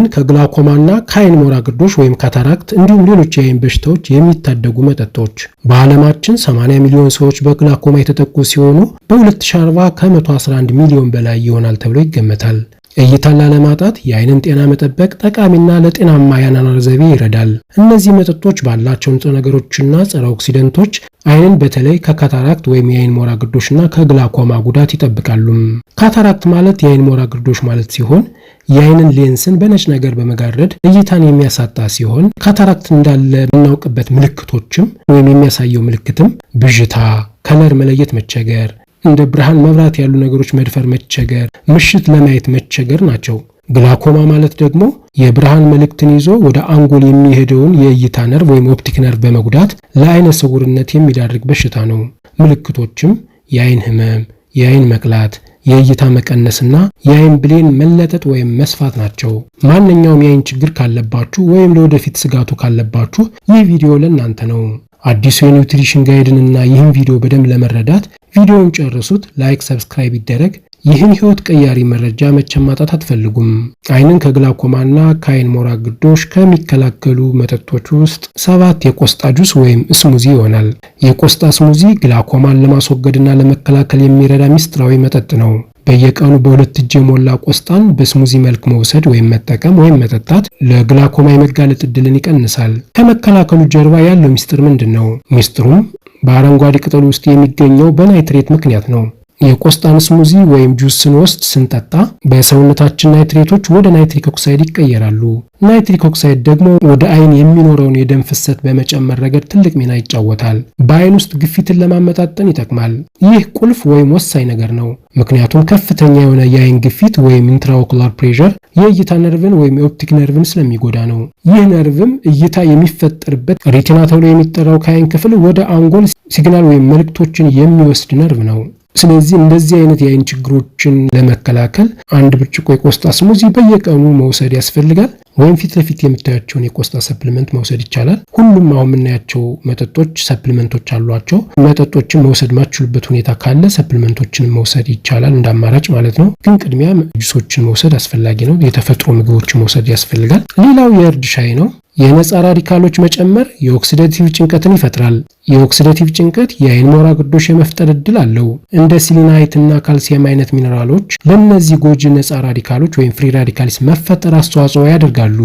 ዓይንን ከግላኮማና ከአይን ሞራ ግርዶሽ ወይም ካታራክት እንዲሁም ሌሎች የአይን በሽታዎች የሚታደጉ መጠጦች። በዓለማችን 80 ሚሊዮን ሰዎች በግላኮማ የተጠቁ ሲሆኑ በ2040 ከ111 ሚሊዮን በላይ ይሆናል ተብሎ ይገመታል። እይታን ላለማጣት የአይንን ጤና መጠበቅ ጠቃሚና ለጤናማ የአኗኗር ዘይቤ ይረዳል። እነዚህ መጠጦች ባላቸው ንጥረ ነገሮችና ጸረ ኦክሲደንቶች አይንን በተለይ ከካታራክት ወይም የአይን ሞራ ግርዶሽና ከግላኮማ ጉዳት ይጠብቃሉ። ካታራክት ማለት የአይን ሞራ ግርዶሽ ማለት ሲሆን የአይንን ሌንስን በነጭ ነገር በመጋረድ እይታን የሚያሳጣ ሲሆን ካታራክት እንዳለ የምናውቅበት ምልክቶችም ወይም የሚያሳየው ምልክትም ብዥታ፣ ከለር መለየት መቸገር፣ እንደ ብርሃን መብራት ያሉ ነገሮች መድፈር መቸገር፣ ምሽት ለማየት መቸገር ናቸው። ግላኮማ ማለት ደግሞ የብርሃን መልእክትን ይዞ ወደ አንጎል የሚሄደውን የእይታ ነርቭ ወይም ኦፕቲክ ነርቭ በመጉዳት ለአይነ ስውርነት የሚዳርግ በሽታ ነው። ምልክቶችም የአይን ህመም፣ የአይን መቅላት፣ የእይታ መቀነስና የአይን ብሌን መለጠጥ ወይም መስፋት ናቸው። ማንኛውም የአይን ችግር ካለባችሁ ወይም ለወደፊት ስጋቱ ካለባችሁ ይህ ቪዲዮ ለእናንተ ነው። አዲሱ የኒውትሪሽን ጋይድንና ይህን ቪዲዮ በደንብ ለመረዳት ቪዲዮውን ጨርሱት። ላይክ፣ ሰብስክራይብ ይደረግ። ይህን ህይወት ቀያሪ መረጃ መቼም ማጣት አትፈልጉም። አይንን ከግላኮማና ከአይን ሞራ ግዶሽ ከሚከላከሉ መጠጦች ውስጥ ሰባት የቆስጣ ጁስ ወይም ስሙዚ ይሆናል። የቆስጣ ስሙዚ ግላኮማን ለማስወገድና ለመከላከል የሚረዳ ሚስጥራዊ መጠጥ ነው። በየቀኑ በሁለት እጅ የሞላ ቆስጣን በስሙዚ መልክ መውሰድ ወይም መጠቀም ወይም መጠጣት ለግላኮማ የመጋለጥ እድልን ይቀንሳል። ከመከላከሉ ጀርባ ያለው ሚስጥር ምንድን ነው? ሚስጥሩም በአረንጓዴ ቅጠሉ ውስጥ የሚገኘው በናይትሬት ምክንያት ነው። የቆስጣን ስሙዚ ወይም ጁስ ስንወስድ ስንጠጣ በሰውነታችን ናይትሬቶች ወደ ናይትሪክ ኦክሳይድ ይቀየራሉ። ናይትሪክ ኦክሳይድ ደግሞ ወደ አይን የሚኖረውን የደም ፍሰት በመጨመር ረገድ ትልቅ ሚና ይጫወታል። በአይን ውስጥ ግፊትን ለማመጣጠን ይጠቅማል። ይህ ቁልፍ ወይም ወሳኝ ነገር ነው። ምክንያቱም ከፍተኛ የሆነ የአይን ግፊት ወይም ኢንትራኦኩላር ፕሬር የእይታ ነርቭን ወይም የኦፕቲክ ነርቭን ስለሚጎዳ ነው። ይህ ነርቭም እይታ የሚፈጠርበት ሪቲና ተብሎ የሚጠራው ከአይን ክፍል ወደ አንጎል ሲግናል ወይም መልእክቶችን የሚወስድ ነርቭ ነው። ስለዚህ እንደዚህ አይነት የአይን ችግሮችን ለመከላከል አንድ ብርጭቆ የቆስጣ ስሙዚ በየቀኑ መውሰድ ያስፈልጋል። ወይም ፊት ለፊት የምታያቸውን የቆስጣ ሰፕሊመንት መውሰድ ይቻላል። ሁሉም አሁን የምናያቸው መጠጦች ሰፕሊመንቶች አሏቸው። መጠጦችን መውሰድ ማችሉበት ሁኔታ ካለ ሰፕሊመንቶችን መውሰድ ይቻላል፣ እንደ አማራጭ ማለት ነው። ግን ቅድሚያ ጁሶችን መውሰድ አስፈላጊ ነው። የተፈጥሮ ምግቦችን መውሰድ ያስፈልጋል። ሌላው የእርድ ሻይ ነው። የነፃ ራዲካሎች መጨመር የኦክሲዳቲቭ ጭንቀትን ይፈጥራል። የኦክሲዳቲቭ ጭንቀት የአይን ሞራ ግርዶሽ የመፍጠር እድል አለው። እንደ ሲሊናይት እና ካልሲየም አይነት ሚነራሎች ለእነዚህ ጎጂ ነፃ ራዲካሎች ወይም ፍሪ ራዲካልስ መፈጠር አስተዋጽኦ ያደርጋሉ።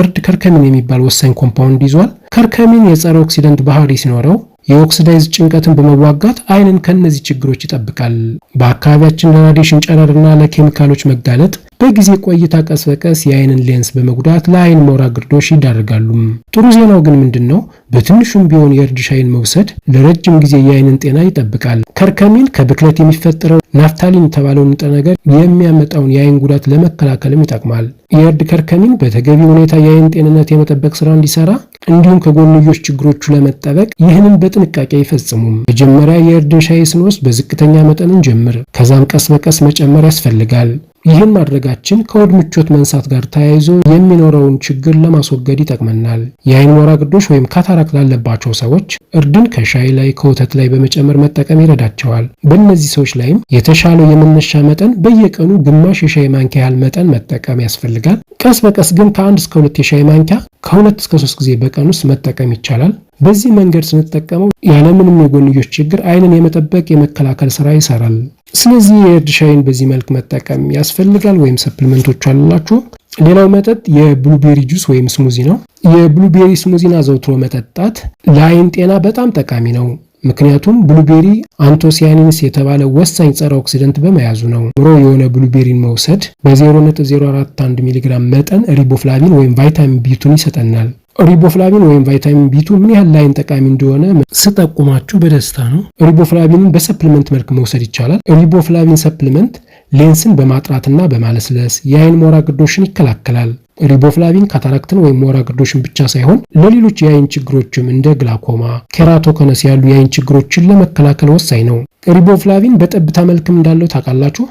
እርድ ከርከሚን የሚባል ወሳኝ ኮምፓውንድ ይዟል። ከርከሚን የጸረ ኦክሲደንት ባህሪ ሲኖረው የኦክሲዳይዝ ጭንቀትን በመዋጋት አይንን ከእነዚህ ችግሮች ይጠብቃል። በአካባቢያችን ለራዲሽን ጨረርና ለኬሚካሎች መጋለጥ በጊዜ ቆይታ ቀስ በቀስ የአይንን ሌንስ በመጉዳት ለአይን ሞራ ግርዶሽ ይዳረጋሉ። ጥሩ ዜናው ግን ምንድን ነው? በትንሹም ቢሆን የእርድ ሻይን መውሰድ ለረጅም ጊዜ የአይንን ጤና ይጠብቃል። ከርከሚን ከብክለት የሚፈጠረው ናፍታሊን የተባለውን ንጥረ ነገር የሚያመጣውን የአይን ጉዳት ለመከላከልም ይጠቅማል። የእርድ ከርከሚን በተገቢ ሁኔታ የአይን ጤንነት የመጠበቅ ስራ እንዲሰራ እንዲሁም ከጎንዮሽ ችግሮቹ ለመጠበቅ ይህንን በጥንቃቄ ይፈጽሙም። መጀመሪያ የእርድን ሻይ ስንወስድ በዝቅተኛ መጠን እንጀምር። ከዛም ቀስ በቀስ መጨመር ያስፈልጋል። ይህም ማድረጋችን ከሆድ ምቾት መንሳት ጋር ተያይዞ የሚኖረውን ችግር ለማስወገድ ይጠቅመናል። የአይን ሞራ ግዶሽ ወይም ካታራክ ላለባቸው ሰዎች እርድን ከሻይ ላይ ከወተት ላይ በመጨመር መጠቀም ይረዳቸዋል። በእነዚህ ሰዎች ላይም የተሻለው የመነሻ መጠን በየቀኑ ግማሽ የሻይ ማንኪያ ያህል መጠን መጠቀም ያስፈልጋል። ቀስ በቀስ ግን ከአንድ እስከ ሁለት የሻይ ማንኪያ ከሁለት እስከ ሶስት ጊዜ በቀን ውስጥ መጠቀም ይቻላል። በዚህ መንገድ ስንጠቀመው ያለምንም የጎንዮች ችግር አይንን የመጠበቅ የመከላከል ስራ ይሰራል። ስለዚህ የእርድ ሻይን በዚህ መልክ መጠቀም ያስፈልጋል። ወይም ሰፕልመንቶቹ አላችሁ። ሌላው መጠጥ የብሉቤሪ ጁስ ወይም ስሙዚ ነው። የብሉቤሪ ስሙዚን አዘውትሮ መጠጣት ለአይን ጤና በጣም ጠቃሚ ነው። ምክንያቱም ብሉቤሪ አንቶሲያኒንስ የተባለ ወሳኝ ጸረ ኦክሲደንት በመያዙ ነው። ምሮ የሆነ ብሉቤሪን መውሰድ በ0.041 ሚሊግራም መጠን ሪቦፍላቪን ወይም ቫይታሚን ቢቱን ይሰጠናል። ሪቦፍላቪን ወይም ቫይታሚን ቢቱ ምን ያህል ላይን ጠቃሚ እንደሆነ ስጠቁማችሁ በደስታ ነው። ሪቦፍላቪንን በሰፕሊመንት መልክ መውሰድ ይቻላል። ሪቦፍላቪን ሰፕሊመንት ሌንስን በማጥራትና በማለስለስ የአይን ሞራ ግርዶሽን ይከላከላል። ሪቦፍላቪን ካታራክትን ወይም ሞራ ግርዶሽን ብቻ ሳይሆን ለሌሎች የአይን ችግሮችም እንደ ግላኮማ፣ ኬራቶከነስ ያሉ የአይን ችግሮችን ለመከላከል ወሳኝ ነው። ሪቦፍላቪን በጠብታ መልክም እንዳለው ታውቃላችሁ።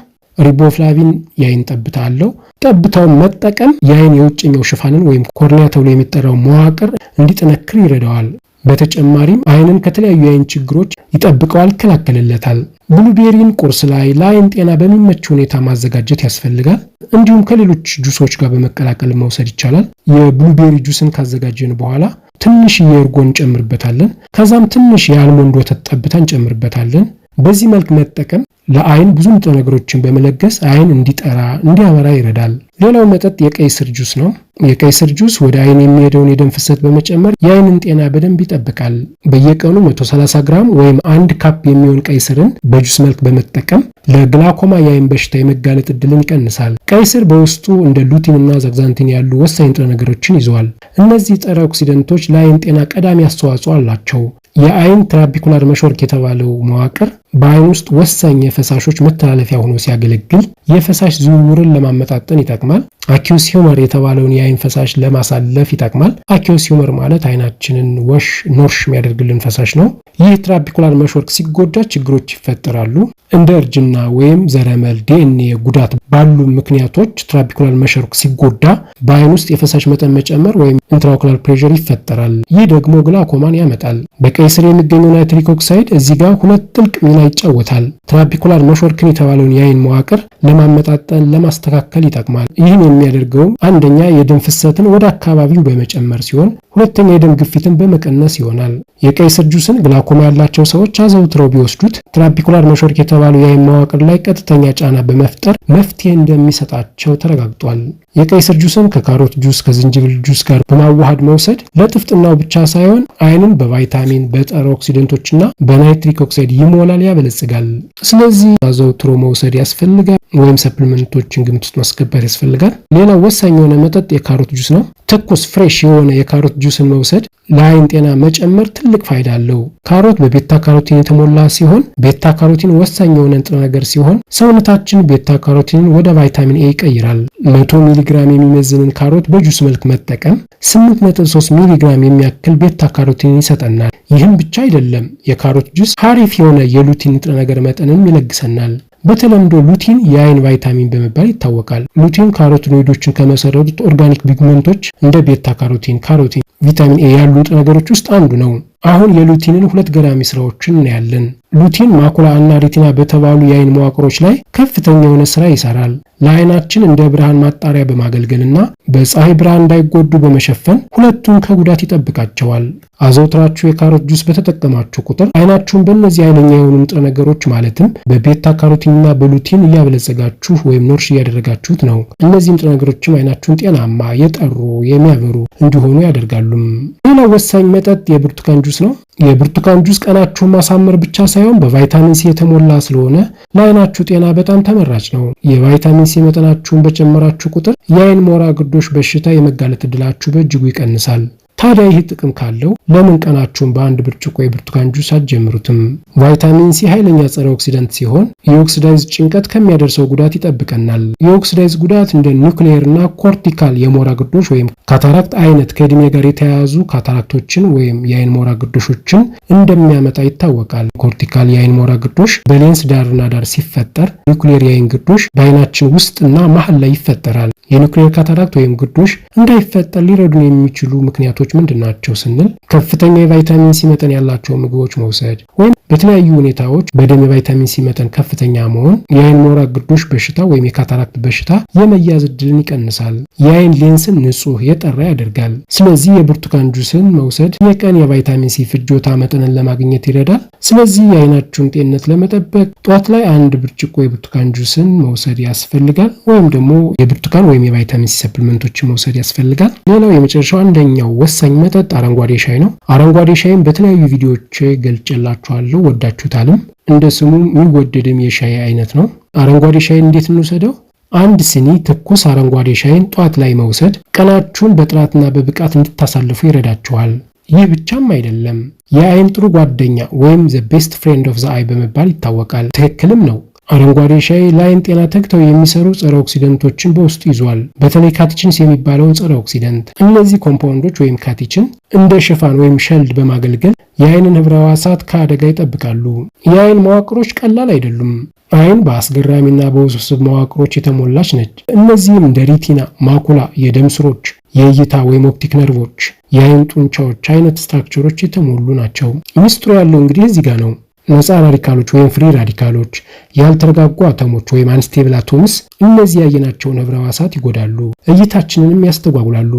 ሪቦፍላቪን የአይን ጠብታ አለው። ጠብታውን መጠቀም የአይን የውጭኛው ሽፋንን ወይም ኮርኒያ ተብሎ የሚጠራው መዋቅር እንዲጠነክር ይረዳዋል። በተጨማሪም አይንን ከተለያዩ የአይን ችግሮች ይጠብቀዋል፣ ይከላከልለታል። ብሉቤሪን ቁርስ ላይ ለአይን ጤና በሚመች ሁኔታ ማዘጋጀት ያስፈልጋል። እንዲሁም ከሌሎች ጁሶች ጋር በመቀላቀል መውሰድ ይቻላል። የብሉቤሪ ጁስን ካዘጋጀን በኋላ ትንሽ የእርጎ እንጨምርበታለን። ከዛም ትንሽ የአልሞንድ ወተት ጠብታ እንጨምርበታለን። በዚህ መልክ መጠቀም ለአይን ብዙ ንጥረ ነገሮችን በመለገስ አይን እንዲጠራ እንዲያበራ ይረዳል። ሌላው መጠጥ የቀይ ስር ጁስ ነው። የቀይ ስር ጁስ ወደ አይን የሚሄደውን የደም ፍሰት በመጨመር የአይንን ጤና በደንብ ይጠብቃል። በየቀኑ 130 ግራም ወይም አንድ ካፕ የሚሆን ቀይ ስርን በጁስ መልክ በመጠቀም ለግላኮማ የአይን በሽታ የመጋለጥ እድልን ይቀንሳል። ቀይ ስር በውስጡ እንደ ሉቲን እና ዛግዛንቲን ያሉ ወሳኝ ንጥረ ነገሮችን ይዘዋል። እነዚህ ጸረ ኦክሲደንቶች ለአይን ጤና ቀዳሚ አስተዋጽኦ አላቸው። የአይን ትራቢኩላር መሾርክ የተባለው መዋቅር በአይን ውስጥ ወሳኝ የፈሳሾች መተላለፊያ ሆኖ ሲያገለግል የፈሳሽ ዝውውርን ለማመጣጠን ይጠቅማል። አኪዮሲዩመር የተባለውን የአይን ፈሳሽ ለማሳለፍ ይጠቅማል። አኪዮሲዩመር ማለት አይናችንን ወሽ ኖርሽ የሚያደርግልን ፈሳሽ ነው። ይህ ትራፒኩላር መሽወርክ ሲጎዳ ችግሮች ይፈጠራሉ። እንደ እርጅና ወይም ዘረመል፣ ዲኤንኤ ጉዳት ባሉ ምክንያቶች ትራፒኩላር መሽወርክ ሲጎዳ በአይን ውስጥ የፈሳሽ መጠን መጨመር ወይም ኢንትራኦክላር ፕሬዥር ይፈጠራል። ይህ ደግሞ ግላኮማን ያመጣል። በቀይ ስር የሚገኘው ናይትሪክ ኦክሳይድ እዚህ ጋር ሁለት ጥልቅ ሚና ይጫወታል። ትራፒኩላር መሽወርክን የተባለውን የአይን መዋቅር ለማመጣጠን፣ ለማስተካከል ይጠቅማል። ይህን የሚያደርገውም አንደኛ የደም ፍሰትን ወደ አካባቢው በመጨመር ሲሆን፣ ሁለተኛ የደም ግፊትን በመቀነስ ይሆናል። የቀይ ስር ጁስን ግላኮማ ያላቸው ሰዎች አዘውትረው ቢወስዱት ትራፒኩላር መሾርክ የተባለው የአይን መዋቅር ላይ ቀጥተኛ ጫና በመፍጠር መፍትሄ እንደሚሰጣቸው ተረጋግጧል። የቀይ ስር ጁስን ከካሮት ጁስ ከዝንጅብል ጁስ ጋር በማዋሃድ መውሰድ ለጥፍጥናው ብቻ ሳይሆን አይንን በቫይታሚን በጸረ ኦክሲደንቶችና በናይትሪክ ኦክሳይድ ይሞላል፣ ያበለጽጋል። ስለዚህ አዘውትሮ መውሰድ ያስፈልጋል፣ ወይም ሰፕሊመንቶችን ግምት ውስጥ ማስገባት ያስፈልጋል። ሌላው ወሳኝ የሆነ መጠጥ የካሮት ጁስ ነው። ትኩስ ፍሬሽ የሆነ የካሮት ጁስን መውሰድ ለአይን ጤና መጨመር ትልቅ ፋይዳ አለው። ካሮት በቤታ ካሮቲን የተሞላ ሲሆን ቤታ ካሮቲን ወሳኝ የሆነ ንጥረ ነገር ሲሆን ሰውነታችን ቤታ ካሮቲንን ወደ ቫይታሚን ኤ ይቀይራል። 100 ሚሊግራም የሚመዝንን ካሮት በጁስ መልክ መጠቀም 8.3 ሚሊግራም የሚያክል ቤታ ካሮቲን ይሰጠናል። ይህም ብቻ አይደለም፣ የካሮት ጁስ ሀሪፍ የሆነ የሉቲን ንጥረ ነገር መጠንም ይለግሰናል። በተለምዶ ሉቲን የአይን ቫይታሚን በመባል ይታወቃል። ሉቲን ካሮቲኖይዶችን ከመሰረቱት ኦርጋኒክ ፒግመንቶች እንደ ቤታ ካሮቲን፣ ካሮቲን፣ ቪታሚን ኤ ያሉ ነገሮች ውስጥ አንዱ ነው። አሁን የሉቲንን ሁለት ገራሚ ስራዎችን እናያለን። ሉቲን ማኩላ እና ሪቲና በተባሉ የአይን መዋቅሮች ላይ ከፍተኛ የሆነ ስራ ይሰራል። ለአይናችን እንደ ብርሃን ማጣሪያ በማገልገልና በፀሐይ ብርሃን እንዳይጎዱ በመሸፈን ሁለቱን ከጉዳት ይጠብቃቸዋል። አዘውትራችሁ የካሮት ጁስ በተጠቀማችሁ ቁጥር አይናችሁን በእነዚህ አይነኛ የሆኑ ንጥረ ነገሮች ማለትም በቤታ ካሮቲንና በሉቲን እያበለጸጋችሁ ወይም ኖርሽ እያደረጋችሁት ነው። እነዚህ ንጥረ ነገሮችም አይናችሁን ጤናማ፣ የጠሩ፣ የሚያበሩ እንዲሆኑ ያደርጋሉም። ሌላው ወሳኝ መጠጥ የብርቱካን ጁስ ነው። የብርቱካን ጁስ ቀናችሁን ማሳመር ብቻ ሳይሆን በቫይታሚን ሲ የተሞላ ስለሆነ ለአይናችሁ ጤና በጣም ተመራጭ ነው። የቫይታሚን ሲ መጠናችሁን በጨመራችሁ ቁጥር የአይን ሞራ ግርዶሽ በሽታ የመጋለጥ እድላችሁ በእጅጉ ይቀንሳል። ታዲያ ይህ ጥቅም ካለው ለምን ቀናችሁን በአንድ ብርጭቆ የብርቱካን ጁስ አትጀምሩትም? ቫይታሚን ሲ ኃይለኛ ጸረ ኦክሲደንት ሲሆን የኦክሲዳይዝ ጭንቀት ከሚያደርሰው ጉዳት ይጠብቀናል። የኦክሲዳይዝ ጉዳት እንደ ኒውክሌርና ኮርቲካል የሞራ ግርዶሽ ወይም ካታራክት አይነት ከእድሜ ጋር የተያያዙ ካታራክቶችን ወይም የአይን ሞራ ግርዶሾችን እንደሚያመጣ ይታወቃል። ኮርቲካል የአይን ሞራ ግርዶሽ በሌንስ ዳርና ዳር ሲፈጠር፣ ኒውክሌር የአይን ግርዶሽ በአይናችን ውስጥና መሀል ላይ ይፈጠራል። የኒውክሌር ካታራክት ወይም ግርዶሽ እንዳይፈጠር ሊረዱን የሚችሉ ምክንያቶች ምርቶች ምንድን ናቸው ስንል ከፍተኛ የቫይታሚን ሲ መጠን ያላቸው ምግቦች መውሰድ ወይም በተለያዩ ሁኔታዎች በደም የቫይታሚን ሲ መጠን ከፍተኛ መሆን የአይን ሞራ ግርዶሽ በሽታ ወይም የካታራክት በሽታ የመያዝ እድልን ይቀንሳል። የአይን ሌንስን ንጹህ የጠራ ያደርጋል። ስለዚህ የብርቱካን ጁስን መውሰድ የቀን የቫይታሚን ሲ ፍጆታ መጠንን ለማግኘት ይረዳል። ስለዚህ የአይናችሁን ጤንነት ለመጠበቅ ጠዋት ላይ አንድ ብርጭቆ የብርቱካን ጁስን መውሰድ ያስፈልጋል፣ ወይም ደግሞ የብርቱካን ወይም የቫይታሚን ሲ ሰፕልመንቶችን መውሰድ ያስፈልጋል። ሌላው የመጨረሻው አንደኛው ወስ ወሳኝ መጠጥ አረንጓዴ ሻይ ነው። አረንጓዴ ሻይም በተለያዩ ቪዲዮዎች ገልጬላችኋለሁ፣ ወዳችሁታልም። እንደ ስሙ የሚወደድም የሻይ አይነት ነው። አረንጓዴ ሻይን እንዴት እንውሰደው? አንድ ስኒ ትኩስ አረንጓዴ ሻይን ጧት ላይ መውሰድ ቀናችሁን በጥራትና በብቃት እንድታሳልፉ ይረዳችኋል። ይህ ብቻም አይደለም፣ የአይን ጥሩ ጓደኛ ወይም ዘ ቤስት ፍሬንድ ኦፍ ዘ አይ በመባል ይታወቃል። ትክክልም ነው። አረንጓዴ ሻይ ለዓይን ጤና ተግተው የሚሰሩ ጸረ ኦክሲደንቶችን በውስጡ ይዟል። በተለይ ካቲችንስ የሚባለው ጸረ ኦክሲደንት። እነዚህ ኮምፓውንዶች ወይም ካቲችን እንደ ሽፋን ወይም ሸልድ በማገልገል የአይንን ህብረ ሕዋሳት ከአደጋ ይጠብቃሉ። የአይን መዋቅሮች ቀላል አይደሉም። በአስገራሚ በአስገራሚና በውስብስብ መዋቅሮች የተሞላች ነች። እነዚህም እንደ ሪቲና፣ ማኩላ፣ የደም ስሮች፣ የእይታ ወይም ኦፕቲክ ነርቮች፣ የአይን ጡንቻዎች አይነት ስትራክቸሮች የተሞሉ ናቸው። ሚስጥሩ ያለው እንግዲህ እዚህ ጋር ነው። ነፃ ራዲካሎች ወይም ፍሪ ራዲካሎች፣ ያልተረጋጉ አተሞች ወይም አንስቴብል አቶምስ እነዚህ ያየናቸውን ህብረ ህዋሳት ይጎዳሉ፣ እይታችንንም ያስተጓጉላሉ።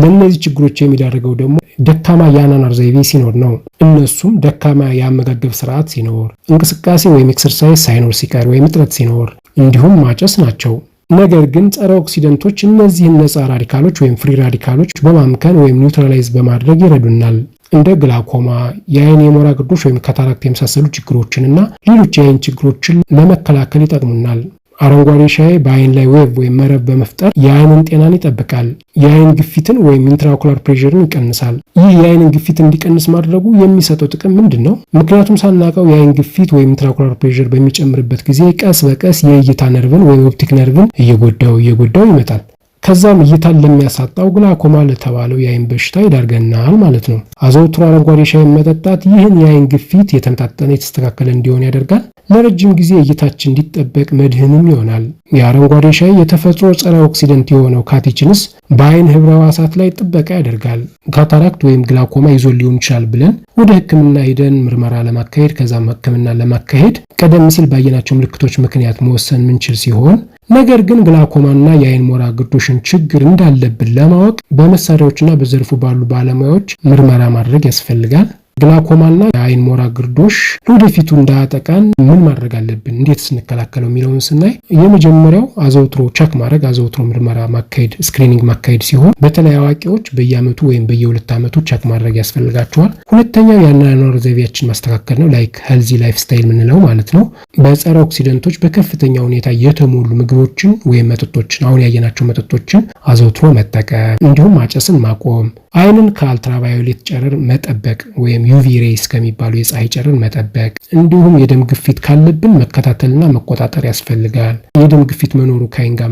ለእነዚህ ችግሮች የሚዳረገው ደግሞ ደካማ የአኗኗር ዘይቤ ሲኖር ነው። እነሱም ደካማ የአመጋገብ ስርዓት ሲኖር፣ እንቅስቃሴ ወይም ኤክሰርሳይዝ ሳይኖር ሲቀር ወይም እጥረት ሲኖር፣ እንዲሁም ማጨስ ናቸው። ነገር ግን ጸረ ኦክሲደንቶች እነዚህን ነፃ ራዲካሎች ወይም ፍሪ ራዲካሎች በማምከን ወይም ኒውትራላይዝ በማድረግ ይረዱናል። እንደ ግላኮማ፣ የአይን የሞራ ግርዶሽ ወይም ከታራክት የመሳሰሉ ችግሮችንና ሌሎች የአይን ችግሮችን ለመከላከል ይጠቅሙናል። አረንጓዴ ሻይ በአይን ላይ ዌቭ ወይም መረብ በመፍጠር የአይንን ጤናን ይጠብቃል። የአይን ግፊትን ወይም ኢንትራኩላር ፕሬዠርን ይቀንሳል። ይህ የአይንን ግፊት እንዲቀንስ ማድረጉ የሚሰጠው ጥቅም ምንድን ነው? ምክንያቱም ሳናውቀው የአይን ግፊት ወይም ኢንትራኩላር ፕሬዠር በሚጨምርበት ጊዜ ቀስ በቀስ የእይታ ነርቭን ወይም ኦፕቲክ ነርቭን እየጎዳው እየጎዳው ይመጣል። ከዛም እይታን ለሚያሳጣው ግላኮማ ለተባለው የአይን በሽታ ይዳርገናል ማለት ነው። አዘውትሮ አረንጓዴ ሻይን መጠጣት ይህን የአይን ግፊት የተመጣጠነ የተስተካከለ እንዲሆን ያደርጋል። ለረጅም ጊዜ እይታችን እንዲጠበቅ መድህንም ይሆናል። የአረንጓዴ ሻይ የተፈጥሮ ጸረ ኦክሲደንት የሆነው ካቲችንስ በአይን ህብረ ሕዋሳት ላይ ጥበቃ ያደርጋል። ካታራክት ወይም ግላኮማ ይዞ ሊሆን ይችላል ብለን ወደ ህክምና ሂደን ምርመራ ለማካሄድ ከዛም ህክምና ለማካሄድ ቀደም ሲል ባየናቸው ምልክቶች ምክንያት መወሰን ምንችል ሲሆን ነገር ግን ግላኮማና የአይን ሞራ ግርዶሽን ችግር እንዳለብን ለማወቅ በመሳሪያዎችና በዘርፉ ባሉ ባለሙያዎች ምርመራ ማድረግ ያስፈልጋል። ግላኮማና የአይን ሞራ ግርዶሽ ለወደፊቱ እንዳያጠቃን ምን ማድረግ አለብን፣ እንዴት ስንከላከለው የሚለውን ስናይ የመጀመሪያው አዘውትሮ ቸክ ማድረግ አዘውትሮ ምርመራ ማካሄድ ስክሪኒንግ ማካሄድ ሲሆን በተለይ አዋቂዎች በየአመቱ ወይም በየሁለት አመቱ ቸክ ማድረግ ያስፈልጋቸዋል። ሁለተኛው የአኗኗር ዘይቤያችን ማስተካከል ነው። ላይክ ሄልዚ ላይፍ ስታይል ምንለው ማለት ነው። በጸረ ኦክሲደንቶች በከፍተኛ ሁኔታ የተሞሉ ምግቦችን ወይም መጠጦችን አሁን ያየናቸው መጠጦችን አዘውትሮ መጠቀም እንዲሁም ማጨስን ማቆም አይንን ከአልትራቫዮሌት ጨረር መጠበቅ ወይም ዩቪ ሬይስ ከሚባሉ የፀሐይ ጨረር መጠበቅ፣ እንዲሁም የደም ግፊት ካለብን መከታተልና መቆጣጠር ያስፈልጋል። የደም ግፊት መኖሩ ከአይን ጋር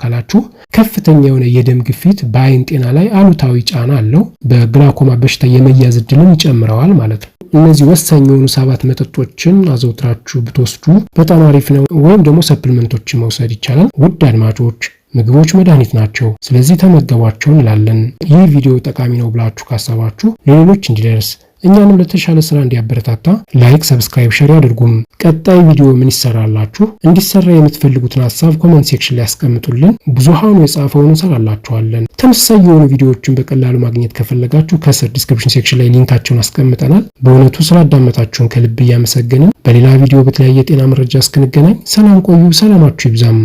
ካላችሁ ከፍተኛ የሆነ የደም ግፊት በአይን ጤና ላይ አሉታዊ ጫና አለው። በግላኮማ በሽታ የመያዝ እድልን ይጨምረዋል ማለት ነው። እነዚህ ወሳኝ የሆኑ ሰባት መጠጦችን አዘውትራችሁ ብትወስዱ በጣም አሪፍ ነው። ወይም ደግሞ ሰፕልመንቶችን መውሰድ ይቻላል። ውድ አድማጮች ምግቦች መድኃኒት ናቸው፣ ስለዚህ ተመገቧቸው እንላለን። ይህ ቪዲዮ ጠቃሚ ነው ብላችሁ ካሰባችሁ ለሌሎች እንዲደርስ እኛንም ለተሻለ ስራ እንዲያበረታታ ላይክ፣ ሰብስክራይብ፣ ሸር ያድርጉም። ቀጣይ ቪዲዮ ምን ይሰራላችሁ? እንዲሰራ የምትፈልጉትን ሀሳብ ኮመንት ሴክሽን ላይ ያስቀምጡልን። ብዙሃኑ የጻፈውን እንሰራላችኋለን። ተመሳሳይ የሆኑ ቪዲዮዎችን በቀላሉ ማግኘት ከፈለጋችሁ ከስር ዲስክሪፕሽን ሴክሽን ላይ ሊንካቸውን አስቀምጠናል። በእውነቱ ስላዳመጣችሁን ከልብ እያመሰገንን በሌላ ቪዲዮ በተለያየ የጤና መረጃ እስክንገናኝ ሰላም ቆዩ። ሰላማችሁ ይብዛም።